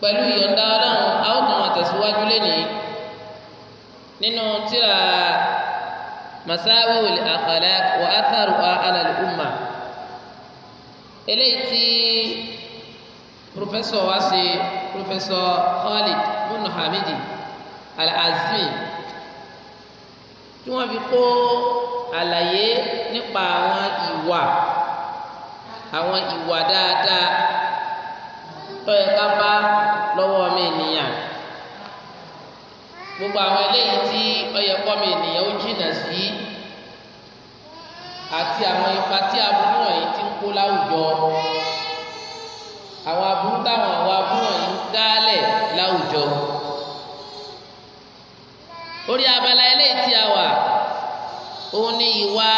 pẹ̀lú ìyọ̀ǹda ọlọ́run a ó tún àtẹ̀síwájú lénìí nínú tíra masáwìl àkàlà wà átàrù alàlẹ́ umma eléyìí tí pòfẹ́sọ̀ wa ṣe pòfẹ́sọ̀ Khalid bunu Hamidi Al-Azmi tí wọ́n fi kó àlàyé nípa àwọn ìwà àwọn ìwà dáadáa. tọ́yẹ ká bá lọ́wọ́ ọmọ ènìyàn gbogbo àwọn eléyìí tí ọyẹ mi ènìyàn ó jìnà sí àti àwọn ipa tí aburú wọ̀nyí ti ń kó láwùjọ àwọn aburú táwọn àwọn aburú wọ̀nyí ń dálẹ̀ láwùjọ orí abala eléyìí tí a wà òun ni ìwà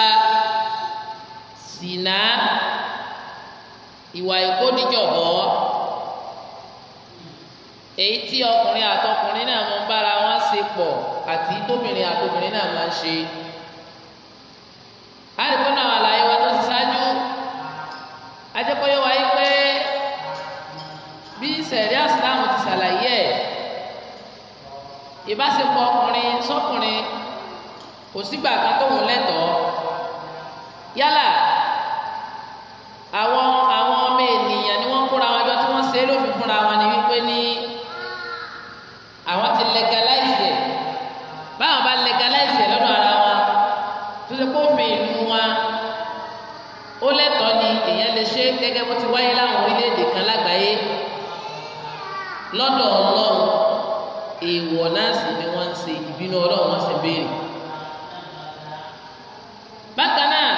sìnà ìwà ìkóníjọ̀bọ́. èyí tí ọkùnrin àtọkùnrin náà mọ ń bára wọn ṣe pọ̀ àti tóbìnrin àtobìnrin náà máa ń ṣe. àdìpọ̀ náà àlàyé wa tó ti ṣáájú ajẹ́pọ̀yọ́ wáyé pé bí sẹ̀rí àsìláàmù ti ṣàlàyé ẹ̀ ìbáṣepọ̀ ọkùnrin sọ́kùnrin kò sígbà kan tóun lẹ́tọ̀ọ́ yálà lọ́dọ̀ ọlọ́run èèwọ̀ náà sì ni wọ́n ń ṣe ìbínú ọlọ́run wọ́n sì béèrè. bákan náà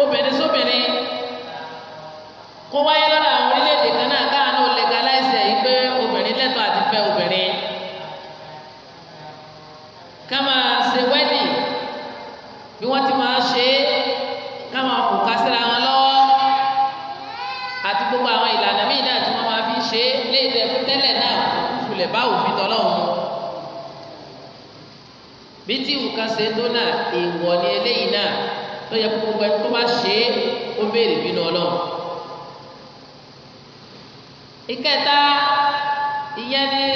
obìnrin sóbìnrin kó wáyé nǹkan ṣe tó náà èèwọ̀ ni eléyìí náà tó yẹ kó gbogbo ẹni tó bá ṣe é ó béèrè bínú ọlọ́run. ìkẹta ìyẹn ni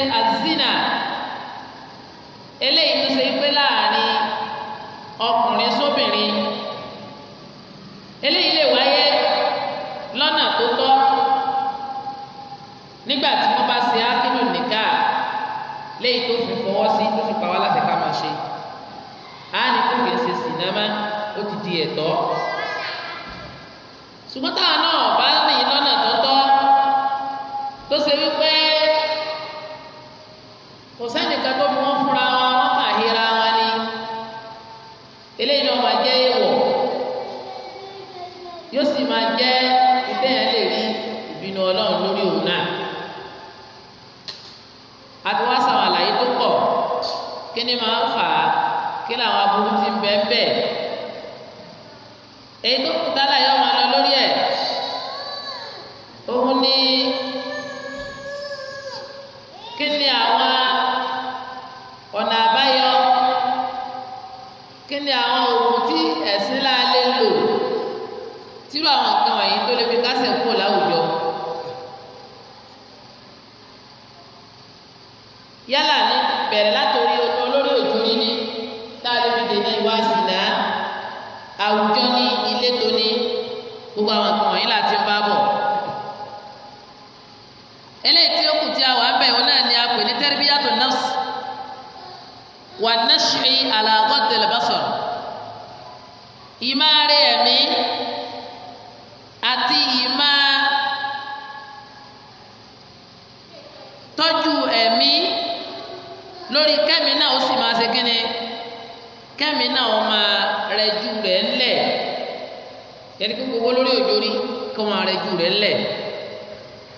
yẹni kí gbogbo lórí òjò rí kí wọn rẹ ju rẹ lẹ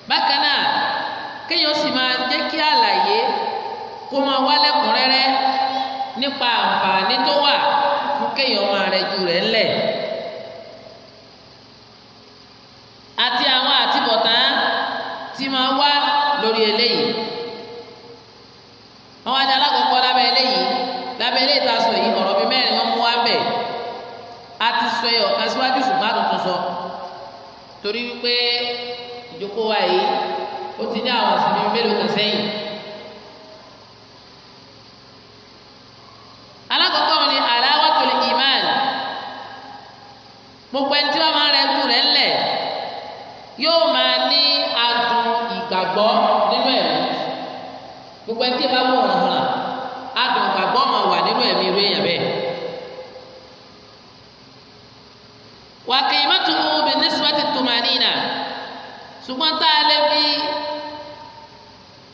bákan náà kéèyàn sì máa jẹ́ kí àlàyé kó máa wá lẹ́kùnrẹ́rẹ́ nípa àǹfààní tó wà fún kéèyàn máa rẹ ju rẹ lẹ àti àwọn àtibọ̀tán tí máa wá lórí eléyìí. sọ torí wípé ìjókòó wa yìí ó ti ní àwọn ìsinmi mélòó kan sẹ́yìn. alákọ̀ọ́kọ́ wọn ni aláwàtòlì iman gbogbo ẹni tí wọ́n máa rẹ kú rẹ̀ ńlẹ̀ yóò máa ní adùn ìgbàgbọ́ nínú ẹ̀mí gbogbo ẹni tí ẹ bá wọ̀ ọ̀hún adùn ìgbàgbọ́ máa wà nínú ẹ̀mí irú èèyàn bẹ́ẹ̀. wà qimatuhu bi nisbati tumanina ṣùgbọ́n tá a lè fi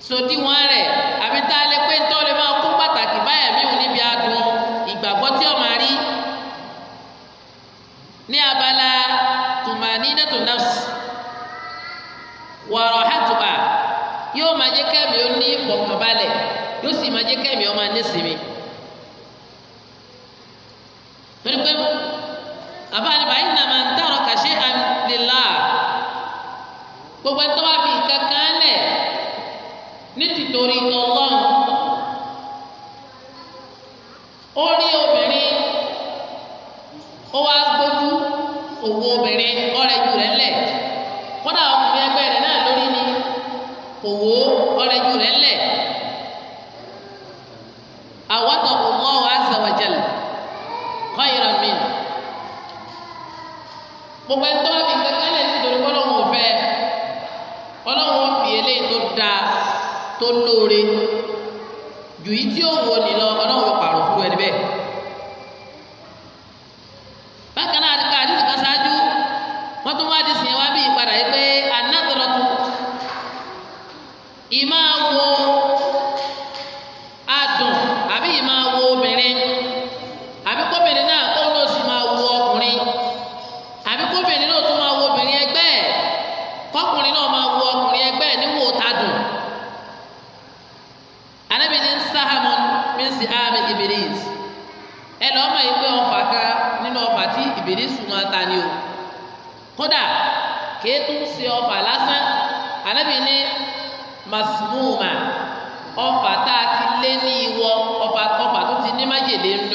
sòdiwọ̀n rẹ̀ àbí tá a lè pé tó lè máa kó pàtàkì báyà mí ò níbi adùn ìgbàgbọ́ tí ó máa rí ní abala tumaninatu nafsi wa rahatuha yóò máa jẹ́ kẹ́mi ó ní ìfọ̀kànbalẹ̀ yóò sì máa jẹ́ kẹ́mi ó máa ní sinmi. àbá ni bàyìí nàmà ń tàrọ gbogbo ẹni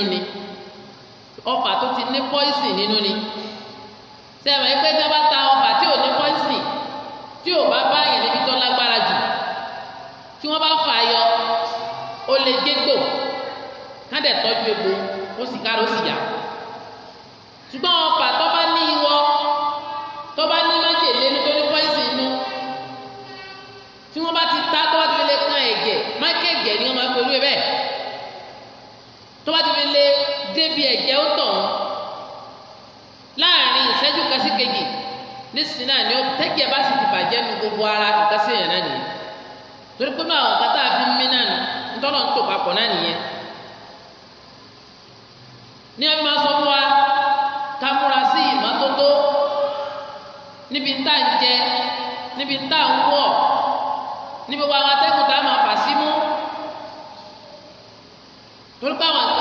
ni ọfà tó ti ní pọ́ìsì nínú ni sẹ́wọ̀n ẹgbẹ́ tí wọ́n ta ọfà tí ò ní pọ́ìsì tí ò bá bá yẹn níbi tó lágbára jù tí wọ́n bá fà yọ ó lè dégbò kádẹ̀ tọ́jú egbò ó sì kára ó sì yà ṣùgbọ́n ọfà tó bá ní ìwọ tó bá ní májèlé nítorí pọ́ìsì inú tí wọ́n bá ti ta tó bá ti fi lè kan ẹ̀jẹ̀ mákẹ́jẹ̀ ni wọ́n máa ń polú ẹ bẹ́ẹ̀ tó bá ti fi débi ẹ̀jẹ̀ ó tọ̀ wọ́n láàrin ìṣẹ́jú kan sí kejì nísìnyí náà ni ó tẹ́jẹ̀ bá sì ti bàjẹ́ nu gbogbo ara ìkásí èèyàn náà nìyẹn torí pé náà ọ̀gá tá a fi ń mí náà ntọ́nà ń tò papọ̀ náà nìyẹn ní ọdún máa sọ fún wa ká múra sí ìmọ́tótó níbi tá à ń jẹ níbi wa wa tẹ́kùn tá a máa fà sí mú torí pé àwọn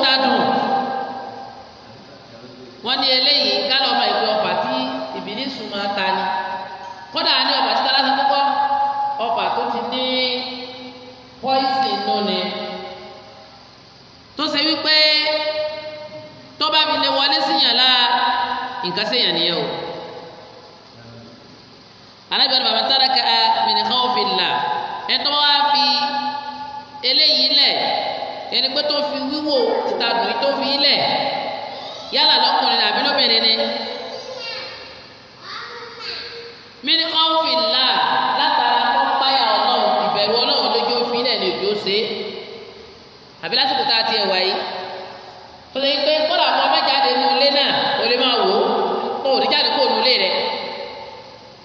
gbádùn wọ́n ní eléyìí kálọ̀ ọmọ ìpè ọ̀pá tí ìbílísù máa ta ni kódà ní ọ̀pá tí kálá ti kọ́kọ́ ọ̀pá tó ti ní pọ́ìsì nù ni tó ṣe wípé tó bá fi lè wọlé síyàn lára nǹkan ṣèyàn nìyẹn o alábẹ́rẹ́ bàbá tálákà min khawfillah ẹ̀ tó wá fi ẹni pé tó fi wíwò títa dùn yìí tó fi ilẹ̀ yálà lọ́kùnrin àbí lóbìnrin ni. mini ọ̀fìnlá látara kọ́ páyà ọlọ́run ìbẹ̀rù ọlọ́run lójú òfin ilẹ̀ ni òjò ṣe àbí lásìkò tá a ti ẹ̀wà yìí tó lè pé kọ́lá kan mẹ́jáde nu ilé náà o lè máa wò ó tó o lè jáde kó o nu ilé rẹ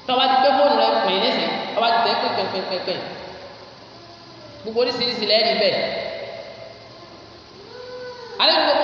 tó o bá ti gbé fóònù rẹ pè é nísìnyí o bá ti tẹ́ pẹ́pẹ́pẹ́pẹ́ gbogbo oríṣiríṣi lẹ́yìn bẹ́ẹ̀. I don't know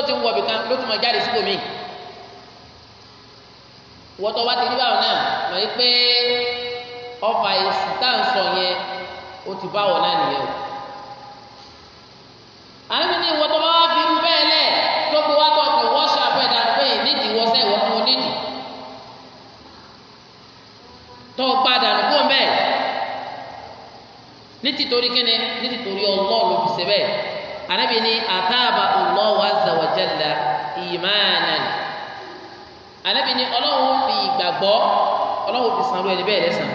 bó ti ń wọ̀ bìkan ló tún mọ jáde síbò mí wọ́tọ̀ wá ti rí báwọn náà mọ̀ yí pé ọfà èsì tá à ń sọ yẹn ó ti bá wọn náà nìyẹn o àyẹ̀wò ní ìwọ́tọ̀ bá wá fi ń bẹ́ẹ̀ lẹ̀ ló fi wá tọ̀ pé wọ́n ṣàpẹ́ ìdánù pé nídìí ìwọ́sẹ̀ ìwọ́ fún onídìí tó padà nù fún bẹ́ẹ̀ ní tìtorí kíni ní tìtorí ọlọ́ọ̀ fi ṣe bẹ́ẹ̀ anabi ni ataaba Allahu azza wa jalla imanan anabi ni ọlọ́run fi ìgbàgbọ́ ọlọ́run fi sanwó ẹni bẹ́ẹ̀ lẹ́sàn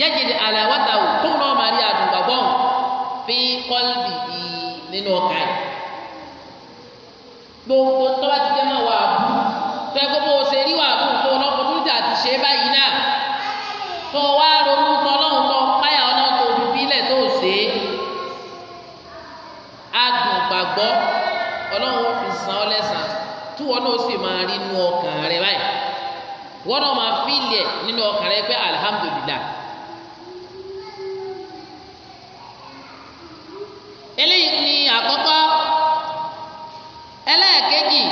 yẹ́jìdì àlàwátà wò tó náà máa rí àdùngbàgbọ́ hàn fi kọ́lbì yìí nínú ọkà yìí gbogbo tó ti jẹ́ máa wà á fẹ́ kó ṣe rí wà á tó ọlọ́kùnrin tó ń jà ti ṣe báyìí náà tó wá ronú tọ́ tọ́ páyà ọlọ́run tó fílẹ̀ tó ṣe é. gbàgbọ́ ọlọ́run fi san ọ́ lẹ́sàn tí wọn náà sì máa rí inú ọkàn rẹ báyìí wọn náà máa fi ilẹ̀ nínú ọkàn rẹ pé alihamudulilayi. eléyìí ni àkọ́kọ́ ẹlẹ́ẹ̀kejì.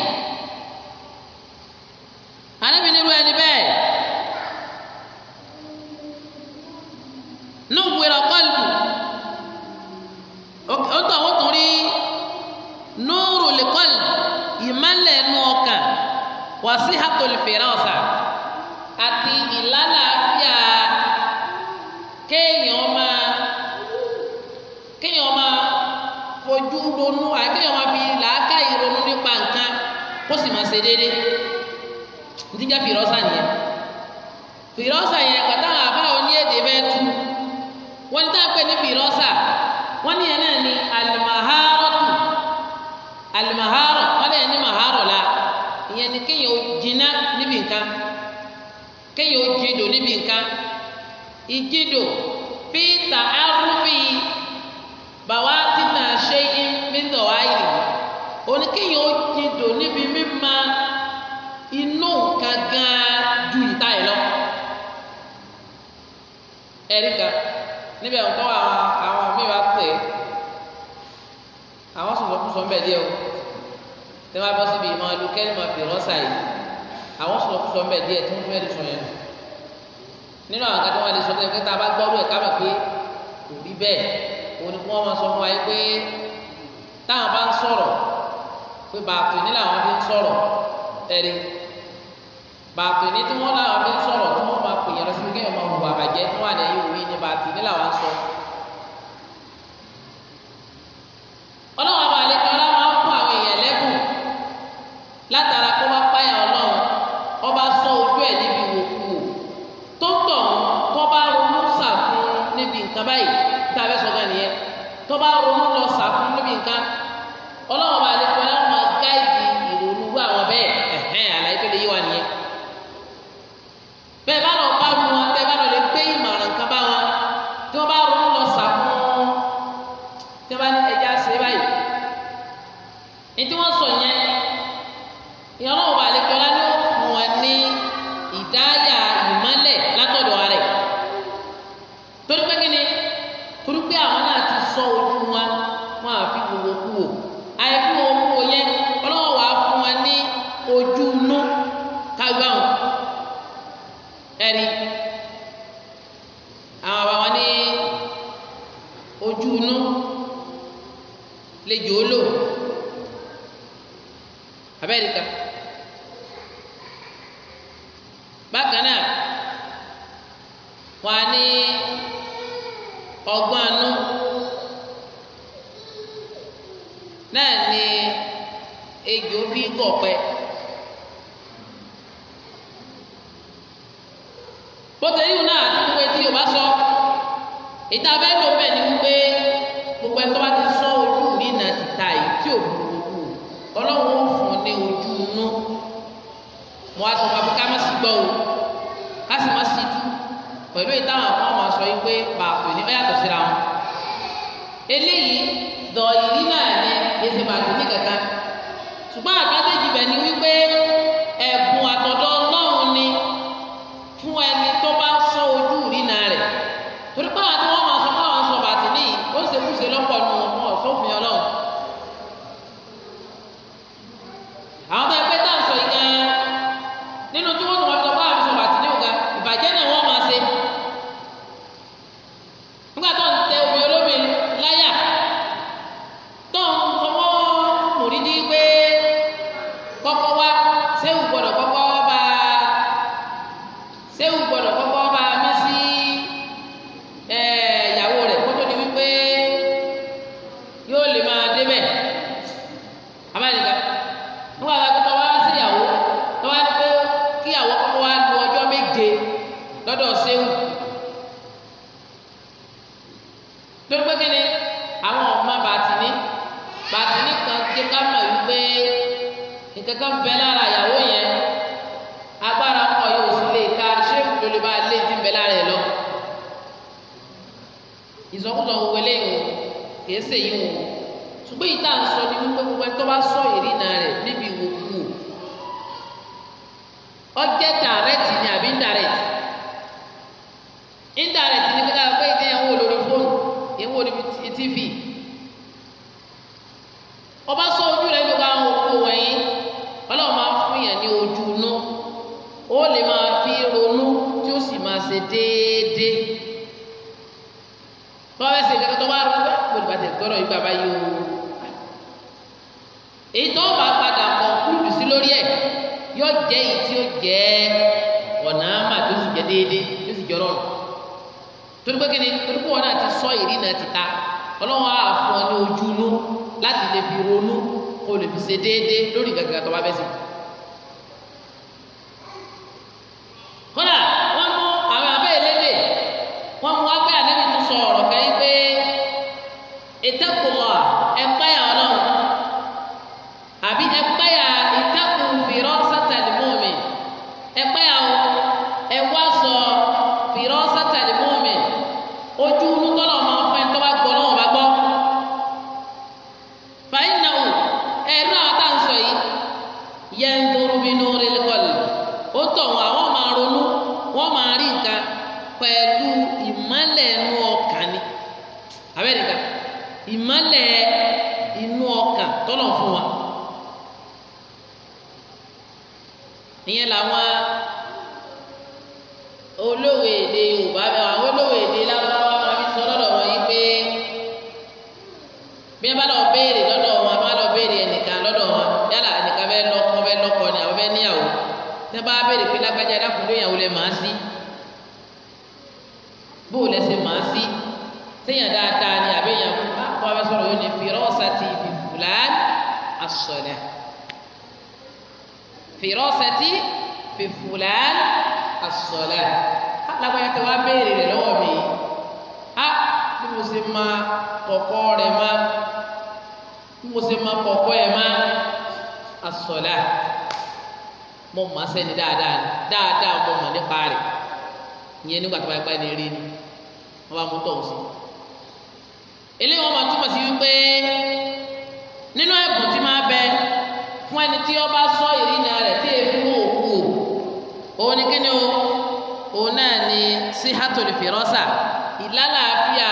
wàsí hàtòlùfèrè ọ̀sà àti ìlàlàáfíà kéèyàn máa kéèyàn máa fojú ronú àti kéèyàn máa fi làákàyè ronú nípa nǹkan kó sì máa ṣe déédéé ntíjà fìrọ́sà nìyẹn fìrọ́sà yẹn pàtà àbá òní èdè bẹ́ẹ̀ tu wọ́n ní táwọn pè ní fìrọ́sà wọ́n ní yẹn náà ní alimaharatu alimaharatu. nǹkan kéèyàn ó jídò níbi nǹkan ìjídò peter arúbí bàwá títà ṣe mílíọ̀nù ayé oníkéèyàn ó jídò níbi mímá inú nǹkan gan ju ìta ẹ̀ lọ ẹ̀ríkà níbẹ̀ nǹkan àwọn àwọn míì wá tẹ̀ àwọn sọ̀sọ̀kùsọ̀ ń bẹ̀ díẹ̀ o tẹ́ wá síbi ìmọ̀ alukẹ́rì máa fi rọ́ṣà yìí àwọn sọ̀kúsọ mbẹ díẹ̀ tí wọ́n fẹ́ẹ́ lè sọ yẹn nínú àwọn kan tí wọ́n lè sọ pé tá a bá gbọ́rú ẹ̀ ká mọ̀ pé kò rí bẹ́ẹ̀ òun ni wọ́n máa sọ fún wa yìí pé táwọn bá ń sọ̀rọ̀ pé bàtò ní làwọn fi ń sọ̀rọ̀ ẹ̀rí bàtò ní tí wọ́n làwọn fi ń sọ̀rọ̀ tí wọ́n máa pè yẹn lọ síbi kéèyàn máa hùwà bàjẹ́ fún àlẹ́ yìí òwe ni bàtò ní làwọn sọ. ọlọ́wọ́ àbálẹ́ k 好了。bákan náà wà ní ọgbọ́n anú náà ni ejò bí kọ̀pẹ́ bóte yìí náà àti gbogbo etí yorùbá sọ ìta bẹ́ẹ̀ ló bẹ̀ ni wípé gbogbo ẹ̀tọ́ bá ti sọ ojú rí náà ti ta yìí tí ò burú ọlọ́run ó fún un ní ojú inú mo á sọ fún gbọ́ o ká sì má sì tú pẹ̀lú ìtàwọn kan máa sọ yìí pé pààtó ní ọ̀yàtọ̀ síra wọn. eléyìí dọ̀ọ̀lì náà ni èsì pààtó ní kankan ṣùgbọ́n àkájẹ́jì bẹ̀ ni wípé. nǹkan bẹ lára ìyàwó yẹn agbára ọkọ yóò sì lè ka ṣéèkù tó bá lé ti bẹ lára ẹ lọ ìsọkúsọ wọlé o kìí ṣe yìí o ṣùgbọ́n ìta ń sọ ni wípé gbogbo ẹni tó bá sọ ìrìnà rẹ̀ níbi ìwòkú ọjẹ́ tààrẹ́tì gbà báyìí o èyí tó bá padà kọ kúndù sí lórí ẹ yóò jẹ èyí tí ó jẹ ọ̀nà àmà tó sì jẹ déédéé tó sì jẹ ọlọ́run torí pé kí ni torí pé wọn náà ti sọ ìrìnà ti ta ọlọ́run á fún ọ ní ojú inú láti lè fi ronú kó lè fi ṣe déédéé lórí gàgàgà tó bá fẹ́ sí i. sọlá mo mọ̀ dáadáa ni dáadáa mo nípa ìyẹn nígbà tó bá gbá ní rí ni wọ́n bá mú tọ̀hún sí. eléyìí wọ́n máa túmọ̀ sí wípé nínú ẹ̀bùn tí máa bẹ fún ẹni tí ọba o òun ni kíni o òun náà ni síhátòlì fìrọ́sà ìlàlàáfíà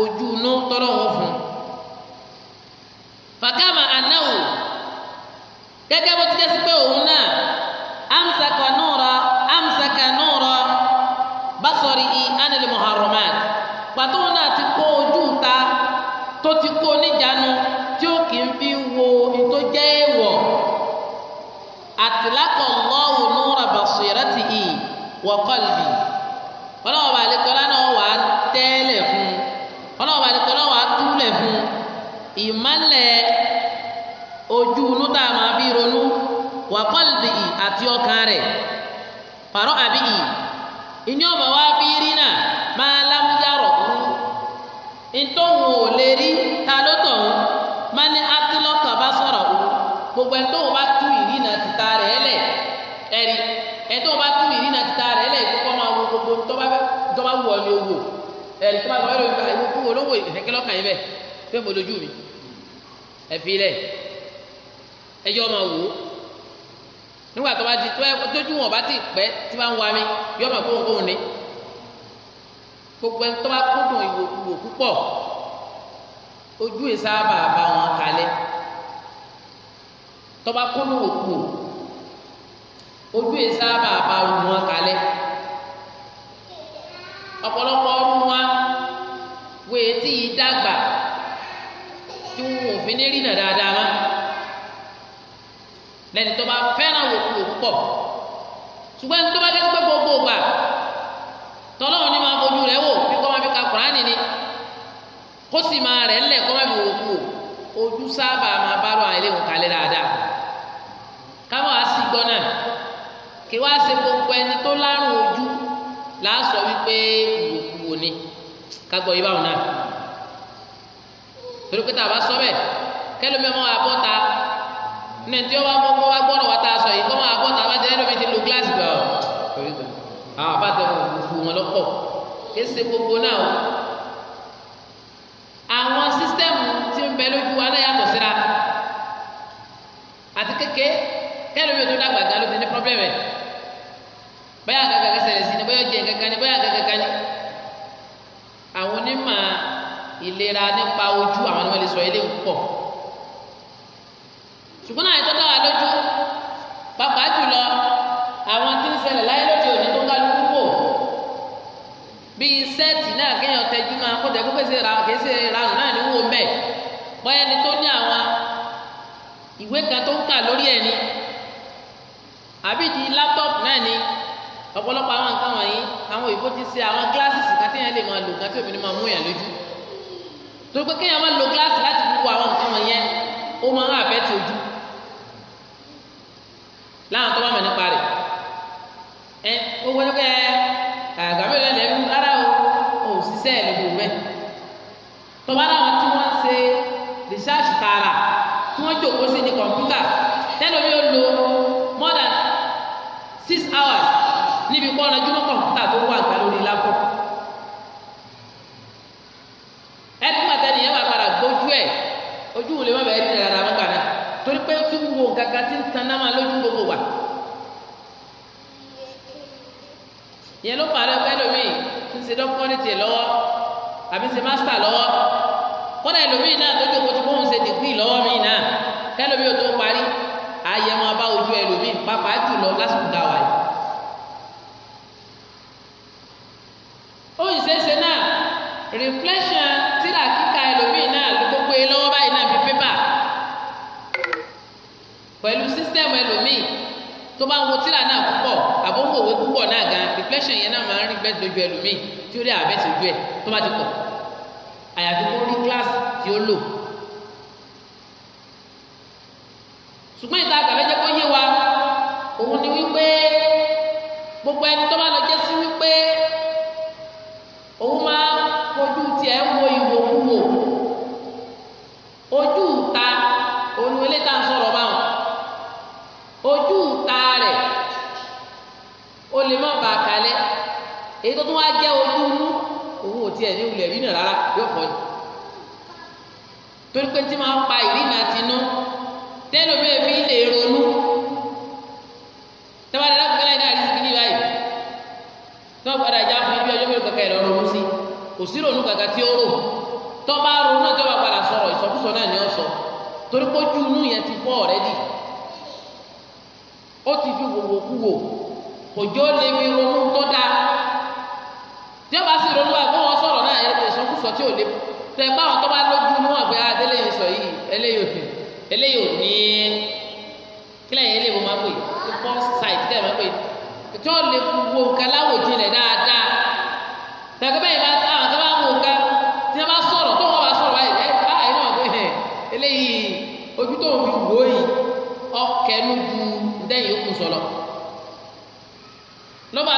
ojú inú tọ́lọ́wọ́ fún gẹ́gẹ́ bó ti jẹ́ sí pé òun náà amsaka nura amsaka nura basori i anil muharramat pàtó òun náà ti kó ojú ta tó ti kó níjànú tí ó kì í fi wo ètò jẹ́ èèwọ̀ àtìlákọ̀ Allahu nura basiratihi wa qalbi ọlọ́wọ́ bá lè náà wà á tẹ́lẹ̀ fún ọlọ́wọ́ bá wà á túlẹ̀ fún ìmọ̀lẹ̀ ojú inú tá a máa fi ronú wà kọ́lìdì ì àti ọkàn rẹ̀ pàrọ̀ àbí ì ìní ọmọ wa fi rí náà máa lámúyàrọ̀ kú ntòhun ò lè rí ta ló tọ̀ máa ní atilọ́kà bá sọ̀rọ̀ kú gbogbo ẹ̀ tóun bá tú ìrí náà ti ta rẹ̀ lẹ̀ ẹ̀rí ẹ̀ tóun bá tú ìrí náà ti ta rẹ̀ lẹ̀ kókó máa wo gbogbo tọ́ba wù ọ́ ni o wò ẹ̀rí tọ́ba wù ọ́ ni o wò ẹ̀rí tọ́ba wù ọ́ ni o wò ẹ̀rí tọ́ba wù ọ́ ni o wò ẹ̀rí tọ́ba wù ọ́ ni o o wò o wò ẹ̀rí tọ́ba wù ọ́ o wò ẹ̀rí tọ́ba wù o o wò ẹ̀rí tọ́ba wù o o wò ẹjọ́ máa wò ó nígbà tó bá ti tójú wọn bá ti pẹ́ tí bá ń wa mi yọ máa kóhùn kóhùn ni gbogbo ẹni tó bá kódùn ìwò púpọ̀ ojú ìsáàbà bá wọn kalẹ̀ tó bá kódùn òkú ojú ìsáàbà bá wọn kalẹ̀ ọ̀pọ̀lọpọ̀ ọdún wa wèé tí ì dàgbà tí wọn ò fi ní rí nà dáadáa lẹ́ni tó bá fẹ́ràn wòkúwò púpọ̀ ṣùgbọ́n ẹni tó bá dẹ́sí pé gbogbo ògbà tọ́lọ́run ní máa fojú rẹ̀ wò bí kọ́ máa fi ka kùránì ni kó sì máa rẹ̀ ńlẹ̀ kọ́ máa fi wòkúwò ojú sábà máa bá rọ àìlè òǹkalẹ̀ dáadáa káwọn á sì gbọ́ náà kí wá ṣe gbogbo ẹni tó lárùn ojú láàsọ wípé wòkúwò ni kágbọ́ yìí báwọn náà torí pé tá a bá sọ bẹ́ẹ̀ kẹ́lómi ọmọ wa bọ́ ta ní ẹni tí wọ́n bá mọ́ kó wá a sọ yìí kọ́ máa bọ́ tá a bá jẹ́ ẹlòmíì ti lo gíláàsì gbà ọ́ torí kan àwọn àbájọ òfurufú wọn lọ́pọ̀ kése gbogbo náà o àwọn sísítẹ́ẹ̀mù tí ń bẹ lójú wa náà yàtọ̀ síra àti kéke kẹ́lòmíì tó dàgbà gan ló ti ní pọ́blẹ́mù ẹ̀ bóyá àgàgà kẹsẹ̀rẹ̀ sí ni bóyá jẹ́ kankan ni bóyá àgàgà kan ni àwọn onímọ̀ ìlera nípa ojú àwọn ni wọ́n lè sọ eléyìí pọ̀ ṣùgbọ́n àyè tó dá wa lójú pàápàá jùlọ àwọn tí ń ṣẹlẹ̀ láyé lóde òní tó ń kálukú wò bíi sẹ́ẹ̀tì náà kéèyàn tẹjú máa kó tẹ̀kú pèsè ra kéèsè ràrùn náà ní wò mẹ́ bọ́yá ẹni tó ní àwọn ìwé kan tó ń kà lórí ẹ̀ ni àbí di láptọ̀pù náà ni ọ̀pọ̀lọpọ̀ àwọn nǹkan wọ̀nyí àwọn òyìnbó ti ṣe àwọn gíláàsì kan téèyàn lè máa lò kan tí òbí ni máa mú yàn lójú torí pé kéèyàn máa lo gíláàsì láti fi àwọn nǹkan wọ̀nyẹn ó máa ń àfẹ́ ojú láwọn tó bá mọ̀ nípa rẹ̀ ẹ owó ẹgbẹ́ àgàmì ìlànà ẹ̀rú rárá o òṣìṣẹ́ ìlú bẹ́ẹ̀ tọ́ba láwọn tí wọ́n ń ṣe research tààrà tí wọ́n jòkó sí ní kọ̀ǹpútà tẹ́lẹ̀ lo more than six hours níbi kọ́ ọ̀nà kàkà tí ń tan máa lójú gbogbo wa yẹn ló parí ọpẹ lómii ń ṣe dọkítọrì tiẹ̀ lọ́wọ́ àbí ṣe mástà lọ́wọ́ kọ́dà ẹlòmíì náà tó jókòó tí kò ṣe dìgbì lọ́wọ́ mi náà kẹlòmíì ò tó parí ààyè bá ojú ẹlòmíì pàápàá jùlọ lásìkò dáwà yìí. ó ìṣeéṣe náà reflection tó bá ń wo tíra náà púpọ̀ àbó ń wòwe púpọ̀ náà gan reflection yẹn náà máa ń rí bẹ́ẹ̀ lójú ẹlòmíì tí ó rí àbẹ́ tó ju ẹ̀ tó bá ti pọ̀ àyàfi kó rí kíláàsì tí ó lò. ṣùgbọ́n ìta àgbàlẹ́ kó yé wa òun ni wípé gbogbo ẹni tó bá tiẹ̀ ní wulẹ̀ rí náà rárá yóò fọ́ ni torí pé tí máa ń pa ìrìnà tinú tẹ́lómi èmi lè ronú tẹ́wọ́n aláàbò kẹ́lá iná àdìsí kìíní báyìí tọ́wọ́ padà já fún ibi ọjọ́ mélòó kankan ìlọrin ọdún sí kò sí ronú kankan tí ó rò tọ́ bá ronú náà tọ́wọ́ padà sọ̀rọ̀ ìsọkúsọ náà ni ó sọ torí pé ojú inú yẹn ti fọ́ ọ̀rẹ́dì ó ti fi wòwò kú wò òjò lè mi ronú tó dáa tí ó bá sì ronú àgbọ̀n sọ tí ò lé tẹ báwọn tó bá lójú mú àgbẹ̀ adéléyìn sọ yìí eléyìí ò eléyìí ò ní kílẹ̀ yẹn lè mo máa pè pọ́ ṣáìtì tẹ̀ máa pè tí ó lè wo nǹkan láwòjinlẹ̀ dáadáa tàbí bẹ́ẹ̀ bá àwọn kan bá wo nǹkan tí wọ́n bá sọ̀rọ̀ tó wọ́n bá sọ̀rọ̀ báyìí ẹ bá àyè náà pé eléyìí ojú tó ń wò yìí ọkẹ́nu ju dẹ́yìn ó kù sọ̀rọ̀ lọ́ba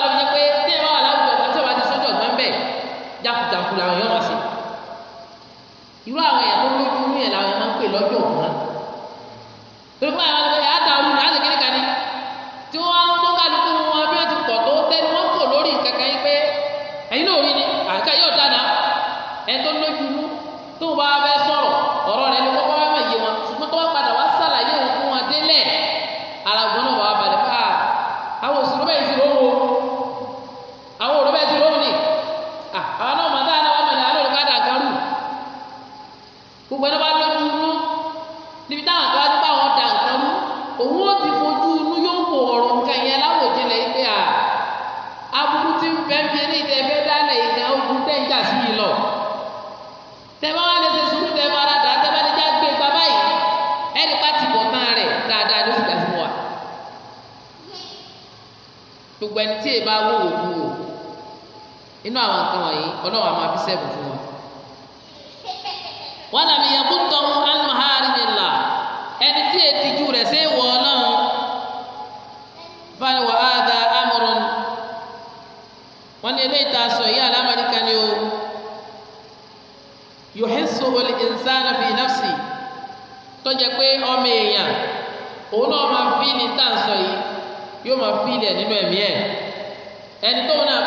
ọlọ́wọ́ àmọ́ àbí sẹ́ẹ̀bù fún wọn. wọn làmì yẹn kó tọ́ anu hàrí mi là ẹni tí ètìjú rẹ̀ ṣe wọ ọlọ́run báyìí wà á da amúrun wọn ní eléyìí tá a sọ yìí alámàdíkà ni o yòhésù olè ìnsánu fi nafsi tó jẹ́ pé ọmọ èèyàn òun náà máa fi ní tá yìí yóò máa fi ilẹ̀ nínú ẹ̀mí ẹ̀ ẹni tóun náà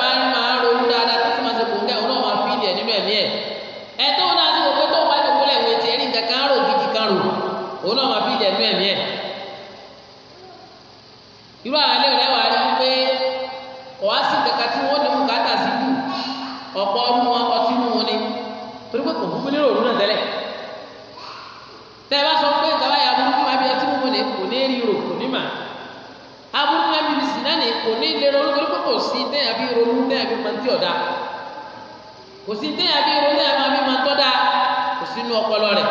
tí ọ̀dà kò sí téèyàn bí irun máa máa tọ́ da kò sínú ọpọlọ rẹ̀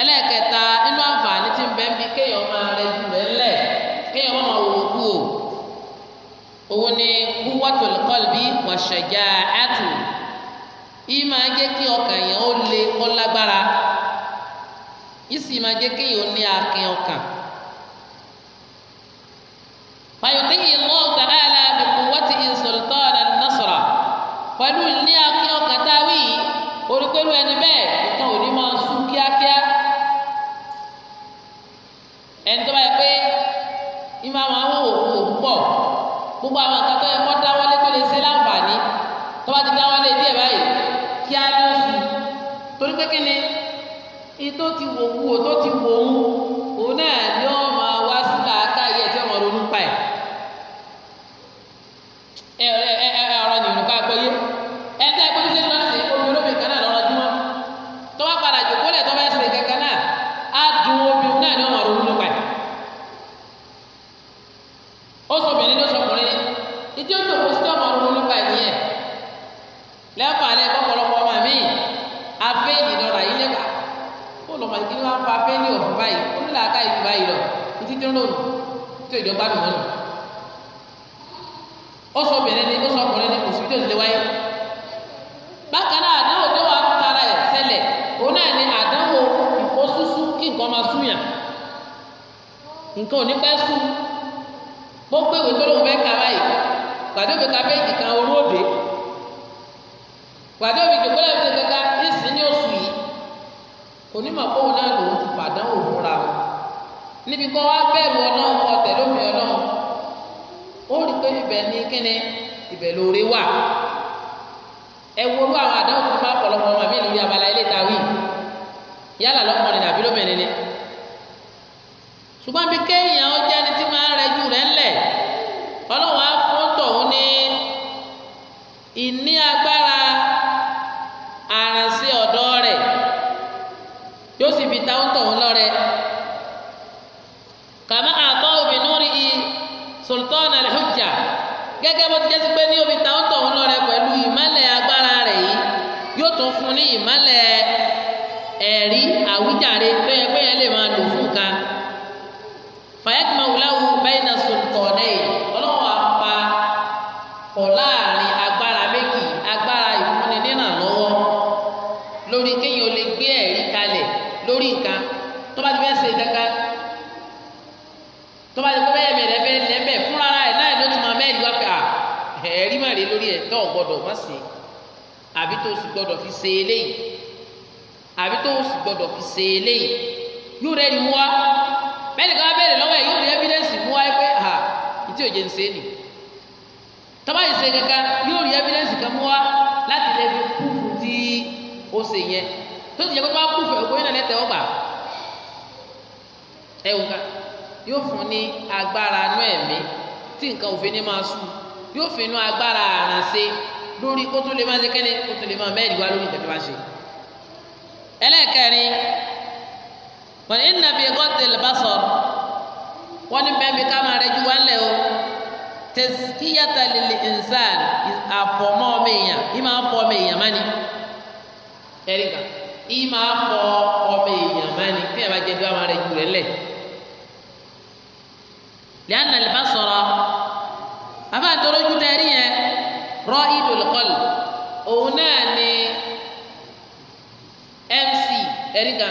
ẹlẹ́ẹ̀kẹta inú àǹfààní tí ń kéèyàn máa rẹ jù rẹ̀ ńlẹ̀ kéèyàn máa wò ó kú o òun ni quwwatul qalbi wa shaja'atu yìí máa jẹ́ kí ọkàn yẹn ó le kó lágbára yìí sì máa jẹ́ kéèyàn ó ní akin ọkàn. pẹ̀lú ní akí ọkàn tá a wí yìí orípẹ́rú ẹni bẹ́ẹ̀ nǹkan òní máa ń sún kíákíá ẹni tó bá yẹ pé ìmọ̀ àwọn àwọn òkú òkú pọ̀ gbogbo àwọn nǹkan tó yẹ kó dáwọ́lé tó lè ṣe láǹfààní tó bá ti dáwọ́lé díẹ̀ báyìí kíá ló sùn torí pé kí ni ìtó ti wò wò tó ti wò ń òun náà ìjọ bá wọn nù ó sọ obìnrin ni ó sọ ọkùnrin ní kò sí tó lè wáyé bákan náà àdánwò tó wà náà ni àdánwò ìkó súsú kí nǹkan máa súnyàn nǹkan ò ní pẹ́ tó lóun fẹ́ ka báyìí gbàdé òbí ka bẹ́ẹ̀ orú lẹ́yìn tó ìsìn ní oṣù yìí kò ní òun náà lòun níbi kọ́ wá bẹ̀rù ọlọ́run kọ́ tẹ̀lé òfin ọlọ́run ó rí pé ibẹ̀ ní kíni ibẹ̀ lóore wà ẹ wo irú àwọn àdáwò tó máa pọ̀lọpọ̀ ọmọ mi lórí abala ilé ta wí yálà lọ́kùnrin àbí lóbìnrin ni ṣùgbọ́n bí kéèyàn ó jẹ́ ẹni tí máa ń rẹjú rẹ̀ ńlẹ̀ ọlọ́run á fún tọ̀hún ní ìní agbára àràǹsí ọ̀dọ́ rẹ̀ yóò sì fi táwọn tọ̀hún lọ́rẹ̀ẹ́ kàmá àtọ́ omi núrí i sultan alhujja gẹ́gẹ́ bó ti jẹ́ sí pé ní omi ta ó tọ̀hún lọ rẹ pẹ̀lú ìmọ̀lẹ̀ agbára rẹ̀ yìí yóò tún fún ní ìmọ̀lẹ̀ ẹ̀rí àwíjàre tó yẹ pé yẹn lè máa lò fún ka fàyẹ́kùmá wùláwù bẹ́ẹ̀ náà sultan náà ọlọ́wọ́ apá ọ̀la àbí tó sì gbọdọ̀ fi ṣe eléyìí àbí tó sì gbọdọ̀ fi ṣe eléyìí yóò rẹ ni mú wa bẹ́ẹ̀ nìkan bẹ́ẹ̀ lọ́wọ́ ẹ̀ yóò rí evidence mú wa pé ha ìtí òjè ń ṣe é nì tọ́ba yìí ṣe kankan yóò rí evidence kan mú láti lè fi kúfù tí ó ṣe yẹn tó ti yẹ kó bá kúfù ẹ̀ gbóyè náà lẹ́tẹ̀ ọgbà ẹ̀ wò ká yóò fún ní agbára inú ẹ̀mí tí nǹkan òfin ní máa sùn yóò fi inú agbára àrànṣe lórí ó tún lè máa ṣe kẹ́ni ó tún lè máa mẹ́rin wá lórí ìgbà tó bá ṣe. ẹlẹ́ẹ̀kẹrin wọ́n ní nàbí gọ́tì lẹ́bàṣọ wọ́n ní bẹ́ẹ̀ bí ká máa rẹ́jú wá lẹ̀ o tẹ̀síkíyàtà lil insan àfọ̀mọ́ ọmọ èèyàn ìmọ̀ àfọ̀ ọmọ èèyàn mání ẹ̀ríkà ìmọ̀ àfọ̀ ọmọ èèyàn mání kí ẹ̀ bá jẹ́ bí máa rẹ́jú rẹ̀ lẹ̀ lẹ́yìn nàlẹ́ bá sọ̀rọ̀ àbá ra'idul qalb òun náà ni MC ẹ̀ríkà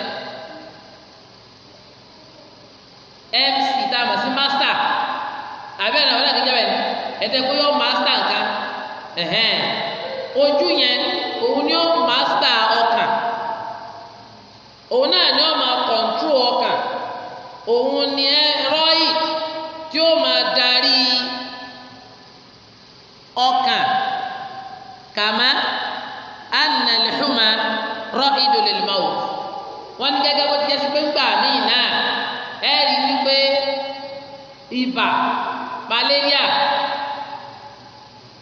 MC tá a mọ̀ sí master àbẹ́ ẹ̀rọ ọ̀rẹ́ àkẹ́kẹ́ bẹ́ẹ̀ ẹ̀tẹ́ kó yọ master nǹkan ojú yẹn òun ni ó master ọkàn òun náà ni ó máa control ọkàn òun kàmá anna lihuma ra'idu lil maut wọ́n ní gẹ́gẹ́ bó ti jẹ́ sí pé gbà míì náà ẹ rí i wípé ibà malaria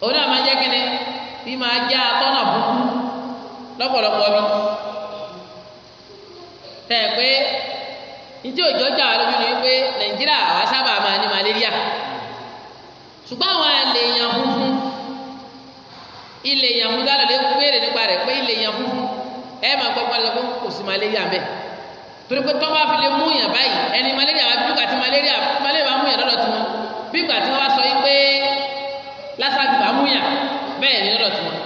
òun náà máa jẹ́ kínní bí máa já tọ́nà burúkú lọ́pọ̀lọpọ̀ mi tẹ̀ pé ntí òjò jà wá lójú ni wípé Nàìjíríà wá sábà máa ní malaria ṣùgbọ́n àwọn àlèyàn kú ilé èèyàn fún dáná lè béèrè nípa rẹ̀ pé ilé èèyàn fún ẹ máa gbọ́ pé ọlọ́gbọ́n kò sí malaria bẹ́ẹ̀ torí pé tọ́ bá fi lè mú yàn báyìí ẹni malaria wá bí kàtí malaria malaria bá mú yàn lọ́dọ̀ tiwọn bí ìgbà tí wọ́n bá sọ yín pé lásàgbé bá mú yàn bẹ́ẹ̀ ni lọ́dọ̀ tiwọn.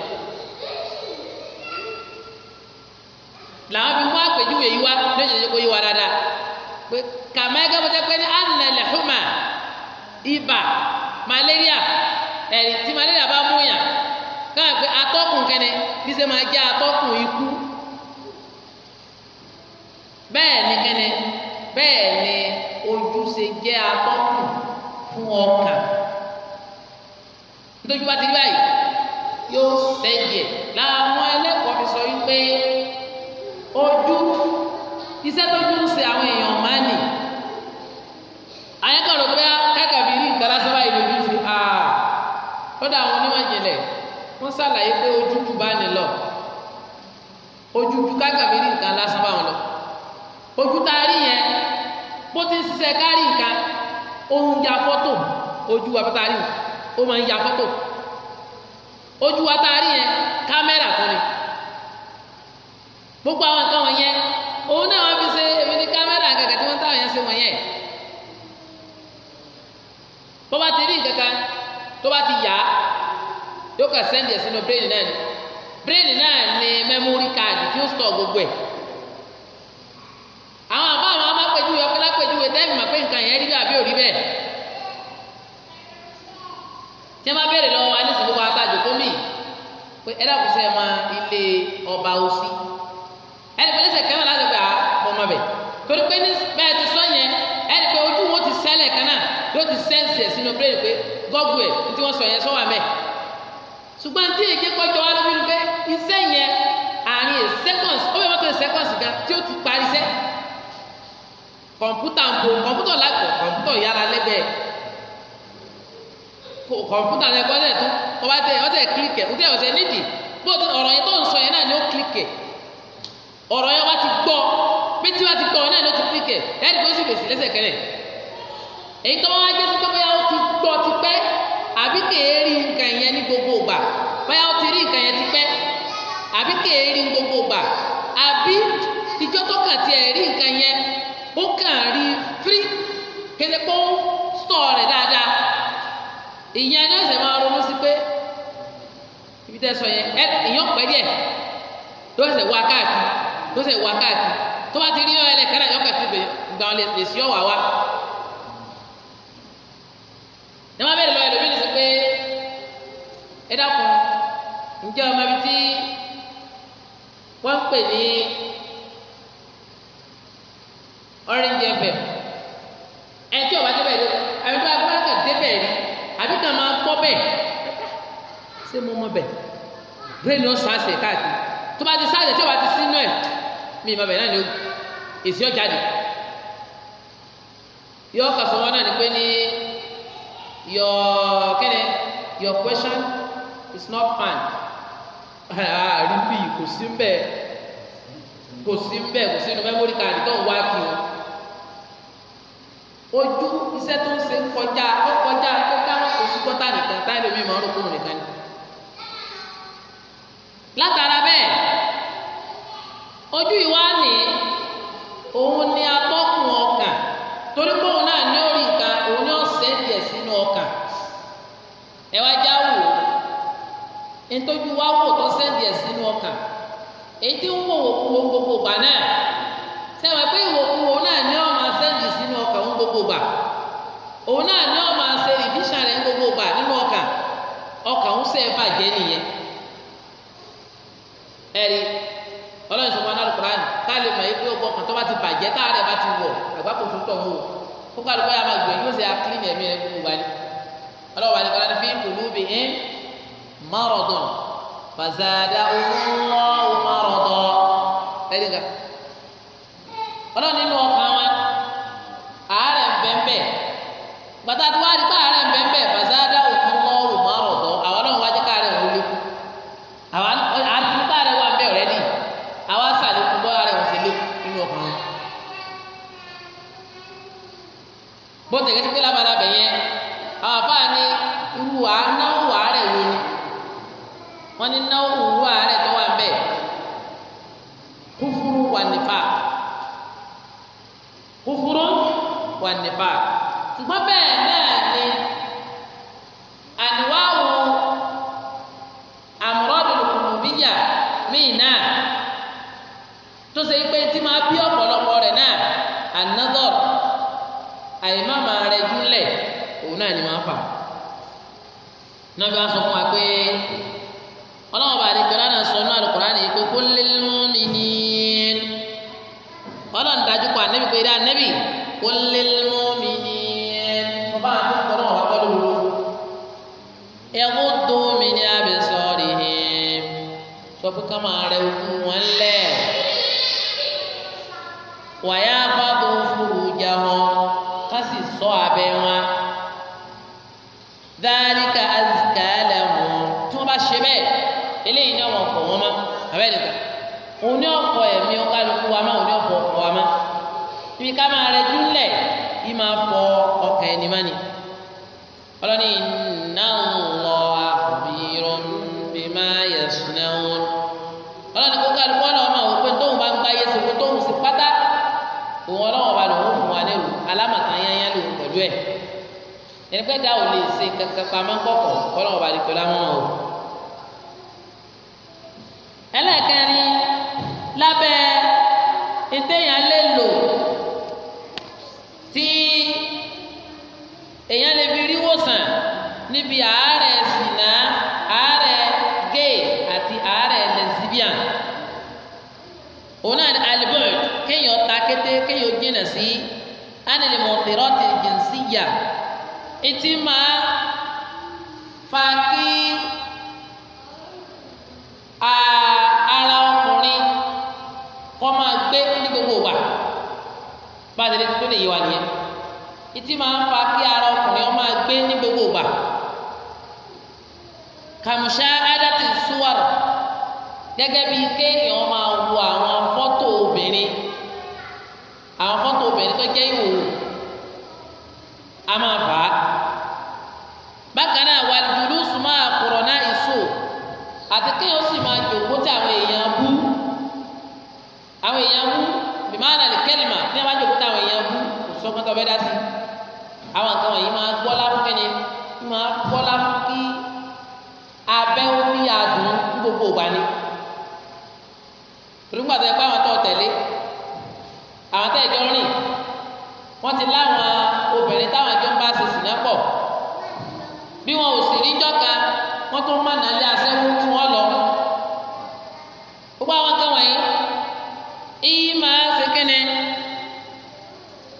làwọn fi wá àpèjúwe yìí wá lóṣèlú kó yí wa dáadáa pé kàmá ẹgbẹ́ bọ́jẹ́ pé ní àná ilẹ̀ fúnmà ibà malaria ẹ̀rì tí malaria bá mú yàn káwọn pé atọ́kùn kẹne bí ṣe máa jẹ́ atọ́kùn ikú bẹ́ẹ̀ ni kẹne bẹ́ẹ̀ ni ojú ṣe jẹ́ atọ́kùn fún ọkàn nítorí bá ti rí báyìí yóò sẹ́yìn làwọn ẹlẹ́kọ̀ọ́ fi sọ wípé ojú iṣẹ́ tójú ń ṣe àwọn èèyàn máa nì àyẹ́kọ̀ọ́ rẹ̀ pé á. wọ́n ṣàlàyé pé ojú ju bá ní lọ ojú ju kákàbí rí nǹkan lásán báwọn lọ ojú tá a rí yẹn bó ti ń ṣiṣẹ́ kárí nǹkan òun ya fọ́tò ojú wa tá a rí ó máa ń ya fọ́tò ojú wa tá a rí yẹn kámẹ́rà kan ni gbogbo àwọn nǹkan wọ̀nyẹn òun náà wọ́n fi ṣe èmi ní kámẹ́rà gàgà tí wọ́n táwọn yẹn ṣe wọ̀nyẹn bó bá ti rí nǹkan kan tó bá ti yà á yóò sẹ́ndì ẹ̀ sínú bírèèdì náà ni bírèèdì náà ni mẹ́mórì káàdì tí ó sọ gbogbo ẹ̀ àwọn àbá àwọn amápẹ̀júwe ọ̀pẹ̀lápẹ̀júwe tẹ́ẹ̀mì mà pé nǹkan yẹn rí bẹ́ẹ̀ àbí òrí bẹ́ẹ̀ tí wọ́n bá béèrè lọ́wọ́ wa ní ìsìnkú àtàjò tó mì pé ẹ dàkú sẹ́ ma ilé ọba òsì ẹni pé lẹ́sẹ̀ kẹ́mẹ́ láti gbà ọmọ bẹ̀ torí pé ní bẹ́ẹ̀ ti sọ yẹn ẹni pé ojú wọn ti sẹ́lẹ̀ kan náà yóò ti sẹ́ǹsì ẹ̀ sínú bírèèdì pé gọ́gù ẹ̀ tí wọ́n sọ yẹn sọ́wọ́ àmẹ́ ṣùgbọ́n tí èké kọjọ wá lórí pé iṣẹ́ yẹn àárín seconds ó bẹ̀rẹ̀ mọ́tò seconds gan tí ó ti parí iṣẹ́ kọ̀ǹpútà ń bo kọ̀ǹpútà lágbo kọ̀ǹpútà yára lẹ́gbẹ̀ẹ́ kọ̀ǹpútà lẹ́gbẹ́ ọ̀dẹ̀ tó ọba tẹ ọ̀dẹ̀ kílíkẹ̀ ọ̀dẹ̀ ọ̀sẹ̀ nídìí bó ọ̀rọ̀ yẹn tó ń sọ yẹn náà ni ó kílíkẹ̀ ọ̀rọ̀ yẹn wá ti gbọ́ pé tí wá ti gbọ́ náà ló ti kílíkẹ̀ ẹ̀ẹ́dì kó sì fèsì lẹ́sẹ̀kẹlẹ̀ èyí tó wá jẹ́ sí pé bóyá ó ti gbọ́ ti pẹ́ àbí kèé rí nǹkan yẹn ní gbogbo ìgbà bóyá ó ti rí nǹkan yẹn ti pẹ́ àbí kèé rí gbogbo ìgbà àbí ìjọ tó kàn tiẹ̀ rí nǹkan yẹn ó kàn rí fírí kéde pé ó sọ̀ rẹ̀ dáadáa ìyẹn náà ṣe máa ronú sí pé ibi tẹ́ sọ yẹn ẹ èèyàn pẹ́ díẹ̀ ló ṣe wá káàkiri ló ṣe wá káàkiri tó bá ti rí ọ ẹlẹ́kẹ́rẹ́ yọkẹ́ ti gbà ọ lè sí ọ̀wá wa ní wọn bẹ̀rẹ̀ lọ ẹlòmíì sọ pé ẹ dákun ǹjẹ́ ọmọ ibi tí wọ́n ń pè ní orange fm ẹ tí ọba débẹ̀ rí àbí tí wọn bá débẹ̀ rí àbí kàn máa gbọ́ bẹ̀ ṣé mo mọ bẹ̀ brain ó sọ àṣẹ káàkiri tó bá ti sáàjẹ tí ọba ti sínú ẹ mi ìmọ̀ bẹ̀ náà ni èsì ọjà dì yọ ọkà fún wọn náà ni pé ní your kini your question is not fine ah, àárí bí kò sí ń bẹ kò sí ń bẹ kò sí inú memory card tó ń wá kí o ojú iṣẹ́ tó ń ṣe ń kọjá ó kọjá tó dáhùn kò sí kọ́tà nìkan táyà lómi ìmọ̀ ọ́rùn kúrò nìkan ni látara bẹ́ẹ̀ ojú ìwá ni òun ni a. ẹni tó ju wá wò tó sẹ́ndì ẹ̀ sínú èyí tí ń wò wò kú gbogbo gbà náà sẹ́wọ̀n pé ìwò kú wo náà ní ọmọ sẹ́ndì sínú ọkàn ń gbogbo gbà òun náà ní ọmọ ṣe rìbíṣà rẹ̀ ń gbogbo gbà nínú ọkàn ọkàn ń ti bàjẹ́ a rẹ̀ bá ti wọ̀ maradun fazada Allahu marada ẹni ká ọlọ́run nínú ọkàn wọn àárẹ̀ bẹ́ẹ̀ bẹ́ẹ̀ gbàtà tó wá di pa ṣùgbọ́n bẹ́ẹ̀ náà ni àníwáwò àmúrọ́dùnkùnrin bíyà míì náà tó ṣe pé tí máa bí ọ̀pọ̀lọpọ̀ rẹ̀ náà ànádọ́ àyèmá máa rẹ̀ júlẹ̀ òun náà ni wọ́n fà náà bí sọ ẹni má ni ọlọ́ni iná lọ àbírọ̀ bí má yẹ sùnà wọn ọlọ́ni kó ká lùkọ́ náà máa wọ pé tóun bá ń gba yé sèkó tóun sì pátá òun ọlọ́wọ́n ba lòun fún wa lẹ́rù alámàtà yányá lòun pẹ̀lú ẹ̀ ẹni pẹ́ dá lè ṣe kankan pamọ́ kọ̀kọ̀ ọlọ́wọ́n ba lè pẹ̀lú àwọn ọ̀hún ẹlẹ́ẹ̀kẹrin lábẹ́ ìtẹ̀yàn lé anil mutirati jinsiya etí máa fa kí ara ọkùnrin kọ́ máa gbé ní gbogbo wa bá a ti lè tó lè yé wa nìyẹn etí máa ń fa kí ara ọkùnrin ọ máa gbé ní gbogbo wa kàmṣá adati suwar gẹ́gẹ́ bíi kéèyàn máa wo àwọn fọ́tò obìnrin àwọn fọ́tò obìnrin tó jẹ́ ìwòwò a máa fà á bákan náà wà lùdú súnmọ́ àkùrọ̀ náà ìṣó àti kí ó sì máa jòkó tí àwọn èèyàn bú àwọn èèyàn bú bìmáàlà lè kẹ́lìmà ní àwọn àjòkó tí àwọn èèyàn bú kò sọ́kàn tó bẹ́ dá sí àwọn nǹkan wọ̀nyí máa gbọ́ láfúnkẹ́ni máa gbọ́ láfún kí abẹ́ orí adùn gbogbo ìgbà ni. Rúgbàdàn ẹ̀kọ́ àwọn àwọn tẹ́jọ́ rìn wọ́n ti láwọn obìnrin táwọn ẹjọ́ ń bá ṣe sìnà pọ̀ bí wọn ò sì rí jọ́ka wọ́n tún mọ̀nà lé aṣẹ́wó tí wọ́n lọ. gbogbo àwọn kan wọ̀nyí ìyí máa ṣe kíni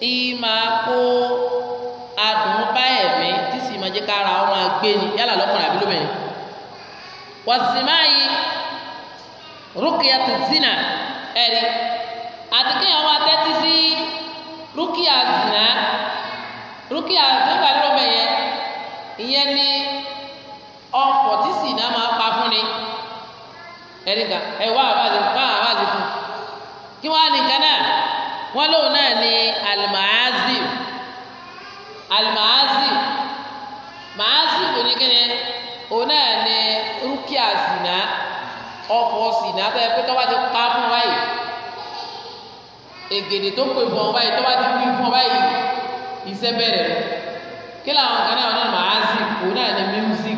ìyí máa kó adùn bá ẹ̀mí tí sì máa jẹ́ kára ọmọ agbé ni yálà lọ́kùnrin àbí lóbìnrin. wàsímáyì rúkìá tìtìnà ẹ̀rí àti kéèyàn wá tẹ́tí sí rúkìá zìnà rúkìá nígbà tó bẹ̀ yẹn ìyẹn ni ọkọ̀ tí zìnà máa pa fún ni ẹni kan ẹ wá àbájẹ fún àbájẹ fún kí wọ́n á nìkan náà wọ́n lóun náà ní alimaazi alimaazi maazi kò ní kíni òun náà ní rúkìá zìnà ọkọ̀ zìnà tó yẹ pé tó ti pa fún wáyé ègèdè tó pè fún ọ báyìí tó bá ti wí fún ọ báyìí iṣẹ́ bẹ̀rẹ̀ kí làwọn kan náà náà máa ń sìn náà ní music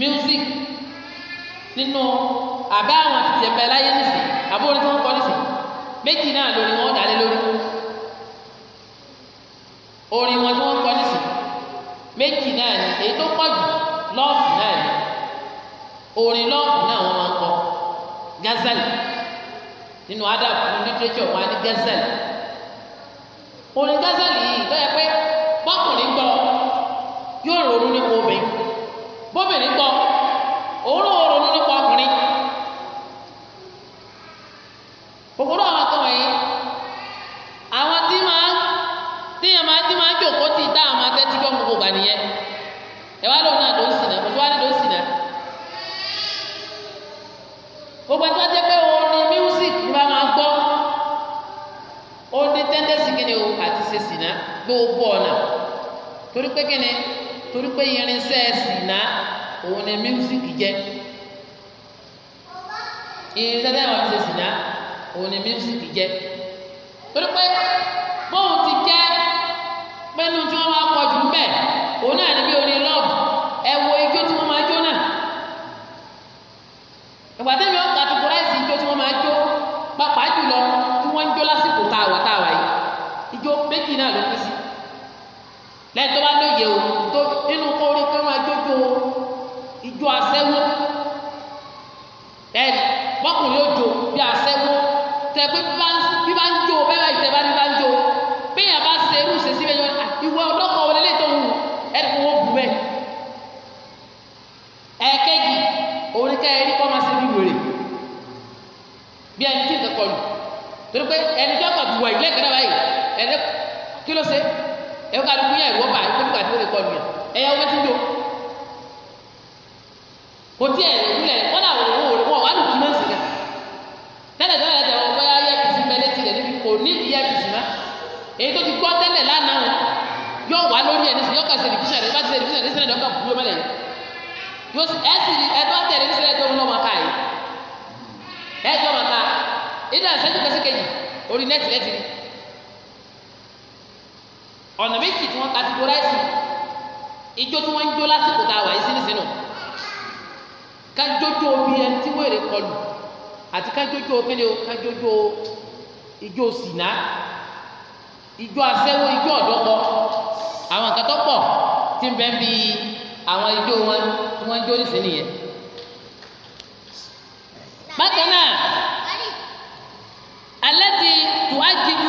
music nínú àbẹ àwọn àti tẹ̀pẹ́ láyé nìsín àbórí tó ń kọ́ nìsín méjì náà lórí wọn dálé lórí orin wọn tí wọ́n kọ́ nìsín méjì náà ní èyí tó pọ̀ jù lọ́ọ̀fù náà ní orin lọ́ọ̀fù náà wọ́n máa ń kọ gázálì nínú adab nínú literature wọn á ní gẹ́sẹ̀lì orin gẹ́sẹ̀lì yìí lọ́yẹ pé bọ́kùnrin gbọ́ yóò ronú nípa obìnrin bóbìnrin gbọ́ òun ló ronú nípa ọkùnrin kòkòrò àwọn kan wọ̀nyí àwọn tí máa tíyẹn máa tí máa jòkó tì í dá àwọn atẹ́tí gbọ́ gbogbo gbà nìyẹn ẹ wá lóun. gbogbo ọ̀nà torí pé kíni torí pé irinṣẹ́ sìnà òun ni mísíkì jẹ́ irinṣẹ́ náà wọ́n ti ṣe sìnà òun ni mísíkì jẹ́ torí pé bóun ti jẹ́ pẹ́nu tí wọ́n wá kọjú bẹ́ẹ̀ òun náà ní bí orin lọ́ọ̀bù ẹ ijó tí wọ́n máa jó náà ìpàdé mi. lẹ́yìn tó bá lóye o tó nínú kó rí pé máa jójó ijó aṣẹ́wó ẹ̀ẹ́dì bọ́kùnrin ó jó bí aṣẹ́wó tẹ pé bí bá ń jó bẹ́ẹ̀ ìtẹ̀ bá ní bá ń jó bẹ́ẹ̀ bá ṣe irú ṣe síbẹ̀ yọ ìwọ ọlọ́kọ̀ wọlé lè tó wù ẹ̀ẹ́dì kò wọ́n bù bẹ́ẹ̀ ẹ̀ẹ́kẹ́jì òun kẹ́ ẹ̀rí kọ́ máa ṣe bí wèrè bí ẹni tí nǹkan kọlù torí pé ẹni tí wọ́n kà bù wà ìlẹ́kẹ̀ẹ́ báyìí ẹni kí ló ṣe ẹ̀ka ló kú kò tí ẹ̀ wúlẹ̀ wọ́n dà wọ́n wọ́n wọ́n wà lùkú náà sí rẹ̀ tẹ́lẹ̀ tẹ́lẹ̀ tẹ́lẹ̀ wọ́n bóyá yẹ kìsì mẹ́lẹ́ tilẹ̀ níbi kò ní ìyá kìsì má èyí tó ti gbọ́ tẹ́lẹ̀ lánàá yóò wá lórí ẹ̀ nísìnyí yóò kà sí ẹ̀dìfíṣàn rẹ̀ bá ti ẹ̀dìfíṣàn rẹ̀ sílẹ̀ lọ́kàn kúrò mẹ́lẹ̀ yóò sì ẹ̀ sì ẹ̀dọ́ tẹ̀lé sílẹ̀ tó ń lọ́mọ ká yìí ẹ̀ jọ́ mọ̀ ká ìdá sẹ́jú kẹsíkẹyì orí nẹ́ẹ̀tì lẹ́tì ni ọ̀nà méjì tí wọ́n kà ti dó láìsí ijó tí wọ́n ń jó lásìkò tá a wà yìí sí nísìnyí náà kájójó bi ẹni tí wèrè kọlù àti kájójó kíni o kájójó ijó sìnà ijó aṣẹ́wó ijó ọ̀dọ́kọ àwọn nǹkan tó pọ̀ tí ń bẹ́ẹ̀ bí àwọn ijó wọn tí wọ́n ń jó náà alẹ́ ti tùwájú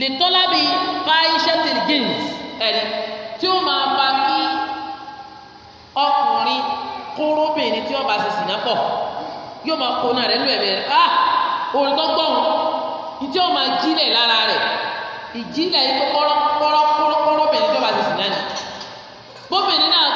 lè tọ́lá bí fáyíṣẹ́ tìrìgìns ẹ̀rí tí ó máa fa kí ọkùnrin kóróbìnrin tí ó bá ṣe sìnà pọ̀ yóò máa kó náà rẹ̀ nínú ẹ̀mí rẹ̀ ah òun tó gbọ̀n ìjọ máa jílẹ̀ lára rẹ̀ ìjílẹ̀ yìí kọ́rọ́ kọ́rọ́ kọ́rọ́ kọ́rọ́bìnrin tó bá ṣe sìnà ni bóbìnrin náà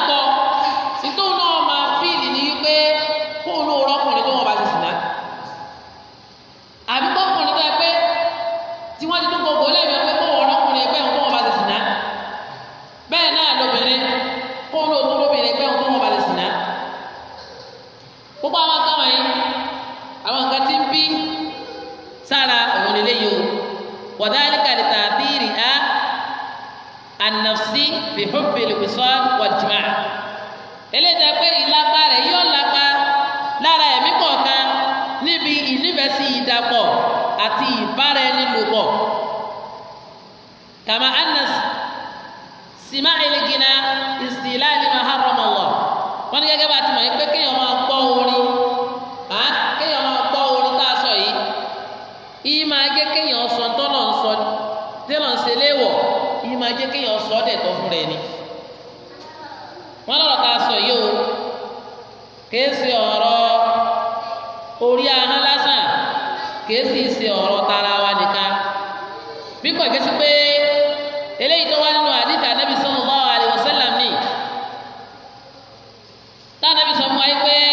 كما أن سماع الغنى استهلال ما حرم الله wọ́n ní gẹ́gẹ́ bá a ti mọ̀ yín pé kéèyàn máa gbọ́ orin kéèyàn máa gbọ́ orin tá a sọ yìí yìí máa jẹ́ kéèyàn sọ tọ́nà ń sọ tẹ́nà ń ṣe léwọ̀ yìí máa jẹ́ kéèyàn ni. wọ́n lọ́rọ̀ tá a sọ yìí o kìí ṣe ọ̀rọ̀ orí ahọ́n lásán kìí sì tara wa nìkan bí kò jẹ́ sí pé. wáyé pé.